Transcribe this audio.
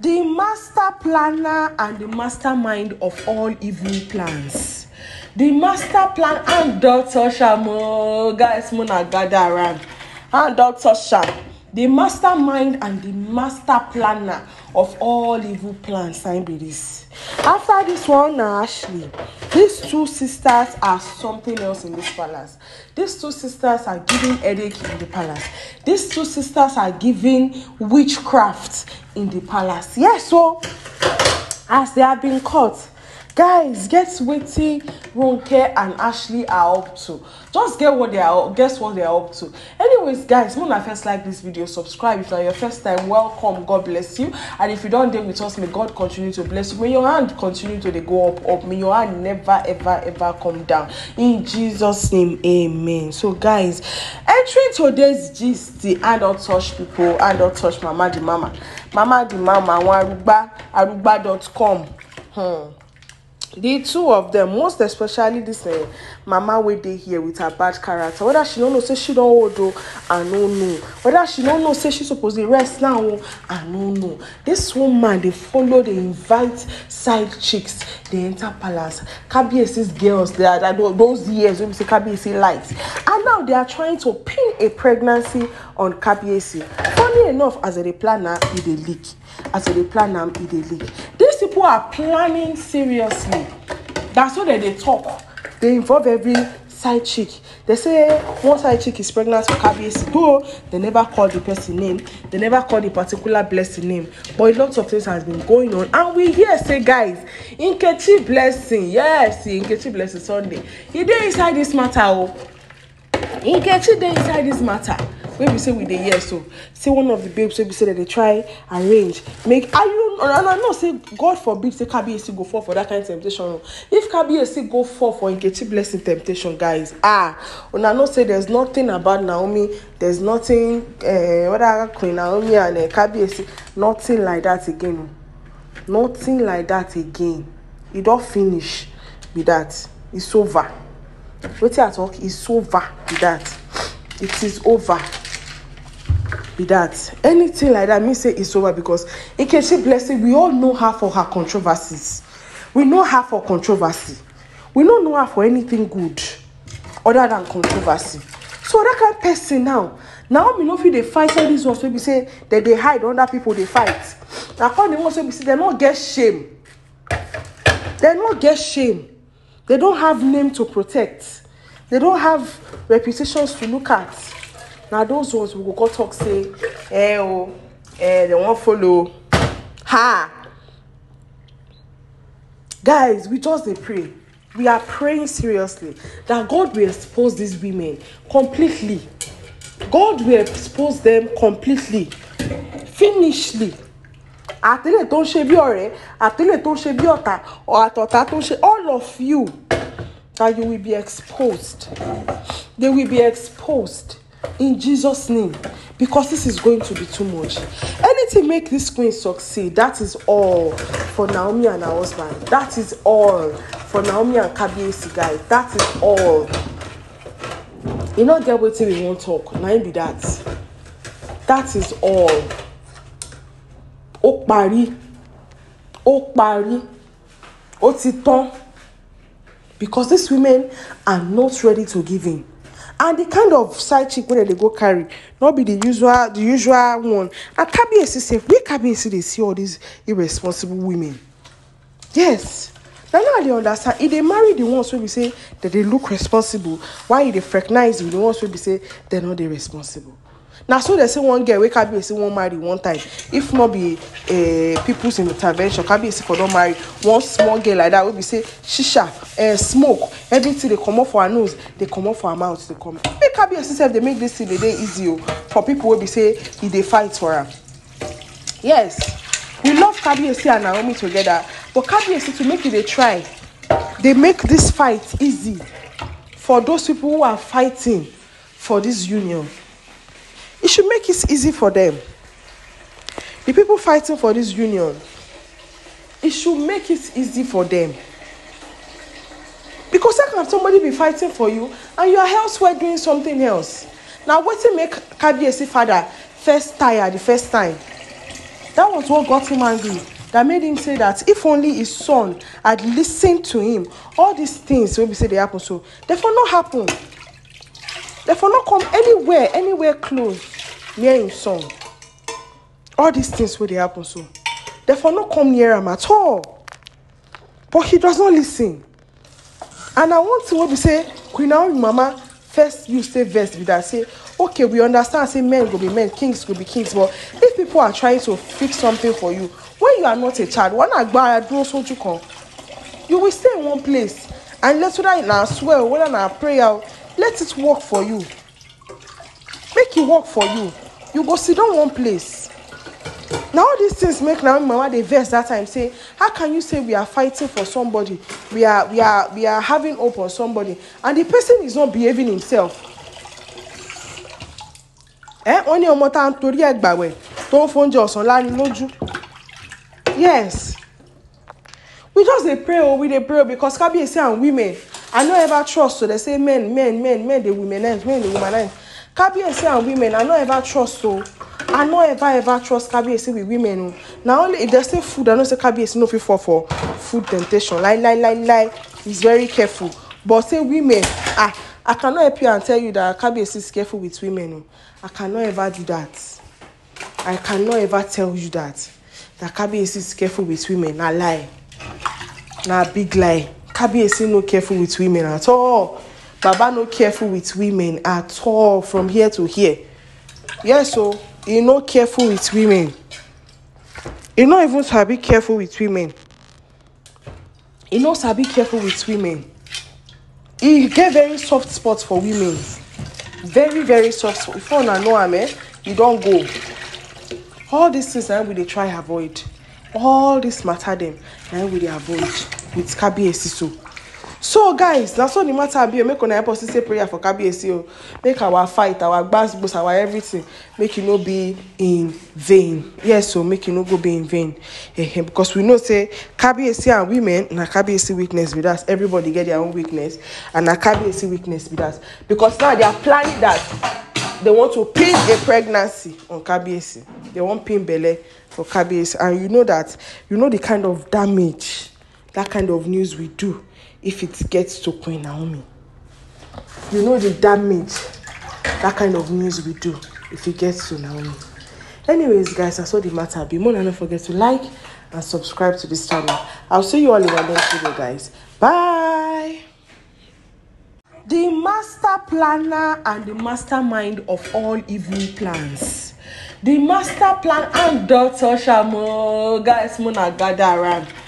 the master planner and the mastermind of all evil plans. The master plan and Doctor Shamu. guys, Muna gather around. And Doctor Shamu the mastermind and the master planner of all evil plans sign be this after this one na ashley these two sisters are something else in this palace these two sisters are giving headache in the palace these two sisters are giving witchcraft in the palace yes yeah, so as they have been caught guys guess wetin ronke and ashley are up to just get what they are guess what they are up to anyways guys make una first like this video subscribe if na your first time welcome god bless you and if you don dey with us may god continue to bless you may your hand continue to dey go up up may your hand never ever ever come down in jesus name amen so guys entering today's gist the hand don touch people hand don touch mama Di mama mama Di mama wọn arugba arugba Hmm the two of them, most especially this, uh, mama wey dey here with her bad character whether she no know say she don old o i no know whether she no know say she suppose dey rest now o i no know This woman dey follow dey invite side chicks dey enter palace kabiyesi's girls They are those years wey be say kabiyesi light and now they are trying to pin a pregnancy on kabiyesi funny enough as i dey plan am e dey leak as i dey plan am e dey leak people are planning seriously that's why they dey talk They involve every side chick they say one side chick is pregnant for kabiyesi though they never call the person name they never call the particular blessing name but a lot of things has been going on and we hear say guys nkechi blessing yes nkechi blessing sunday e dey inside this matter oh? nkechi dey inside this matter wey be say we dey hear so say one of the babes wey be say dem dey try arrange make are you and i know say god forbid say kabiyesi go fall for that kind of temptation if kabiyesi go fall for nkechi blessing temptation guys ah una know say there's nothing about naomi there's nothing uh, eh, whether queen naomi and uh, eh, kabiyesi nothing like that again oh. nothing like that again e don finish be that it's over wetin i talk is over be that it is over be that anything like that mean say it's over because nkechi blessing we all know her for her controversies we know her for controversy we don't know her for anything good other than controversy so that kind of person now me know if they fight all these ones we say that they hide under people they fight according to the ones wey they say dem get shame do not get shame They don't have name to protect They don't have reputations to look at na those ones we go come talk say eh o eh dem wan follow ha guys we just dey pray we are praying seriously that god will expose these women completely god will expose them completely finishly àtẹlẹ tó ń ṣe bí ọ̀rẹ́ àtẹlẹ tó ń ṣe Or ọ̀tá àtọ̀tá tó ń ṣe all of you that you will be exposed they will be exposed in Jesus' name because this is going to be too much. Anything make this queen succeed, that is all for Naomi and her husband. That is all for Naomi and Kabiesi guy. That is all. You know, get waiting we won't talk. Now be that. That is all. Ó parí. Ó parí. Ó ti tán. Because these women are not ready to give in and the kind of side chick wey dem dey go carry no be the usual the usual one and kabiyesi sef wey kabiyesi dey see all these irresponsible women yes na now i dey understand e dey marry the ones wey be say dem dey look responsible while e dey frecognize di ones wey be say dem no dey responsible na so dem say one girl wey kabiyesi wan marry one time if no be uh, people's intervention kabiyesi for don marry one small girl like that wey be say shisha uh, smoke everything dey comot for her nose dey comot for her mouth dey come make kabiyesi sef dey make dis thing dey dey easy o oh. for people wey be say e dey fight for am yes we love kabiyesi and naomi together but kabiyesi to make e dey try dey make dis fight easy for those people who are fighting for dis union It should make it easy for them. The people fighting for this union, it should make it easy for them. Because how can somebody be fighting for you and you are elsewhere doing something else? Now, what to make KBSC father first tired the first time? That was what got him angry. That made him say that if only his son had listened to him, all these things will be said. they happen. So therefore, not happen. They for not come anywhere, anywhere close near him son. All these things will they happen so. They for not come near him at all. But he does not listen. And I want to be say, Queen Naomi Mama, first you say verse with that say, okay, we understand say men go be men, kings go be kings, but if people are trying to fix something for you, when you are not a child, one agbára dúró sójú kan, you will stay in one place and later na swear whether na prayer let it work for you make e work for you you go sit down one place na all these things make naomi mama dey vex that time say how can you say we are fighting for somebody we are we are we are having hope on somebody and the person is not behaving himself ẹ eh? wọn ní ọmọ tá à ń torí ẹ gbàwẹ tó ń fóúnjẹ ọ̀sán láni lójú yes we just dey pray o we dey pray o because kábíyèsí and women i no ever trust so they say men men men men dey womanize men dey womanize kábíyèsí and women i no ever trust so i no ever ever trust kábíyèsí with women o oh. na only if dem say food i know say kábíyèsí no fit fall for food temptation Lie, lie, lie, lie. he is very careful but say women ah i cannot help you and tell you that kábíyèsí is careful with women o oh. i cannot ever do that i cannot ever tell you that that kábíyèsí is careful with women na lie na big lie. Kabiesi no careful with women at all. Baba no careful with women at all from here to here. Yes, so you no careful with women. You no even sabi careful with women. You no sabi careful with women. He get very soft spots for women very very soft If you una know am eh you don't go all these things na we try avoid all this matter them, and we dey avoid with kabiyesi so so guys that's all the matter be make una help us say prayer for kabiyesi o make our fight our gbasgbos our everything make e no be in vain yes so make e no go be in vain because we know say kabiyesi and women na kabiyesi weakness be that everybody get their own weakness and na kabiyesi weakness be that because now they are planning that they want to pin a pregnancy on Kabiesi. They want pin belly for Kabiesi. And you know that, you know the kind of damage, that kind of news we do if it gets to Queen Naomi. You know the damage, that kind of news we do if it gets to Naomi. Anyways, guys, that's all the matter. Be more than not forget to like and subscribe to this channel. I'll see you all in my next video, guys. Bye the master planner and the mastermind of all evil plans the master plan and Dr. Shamo guys muna gather around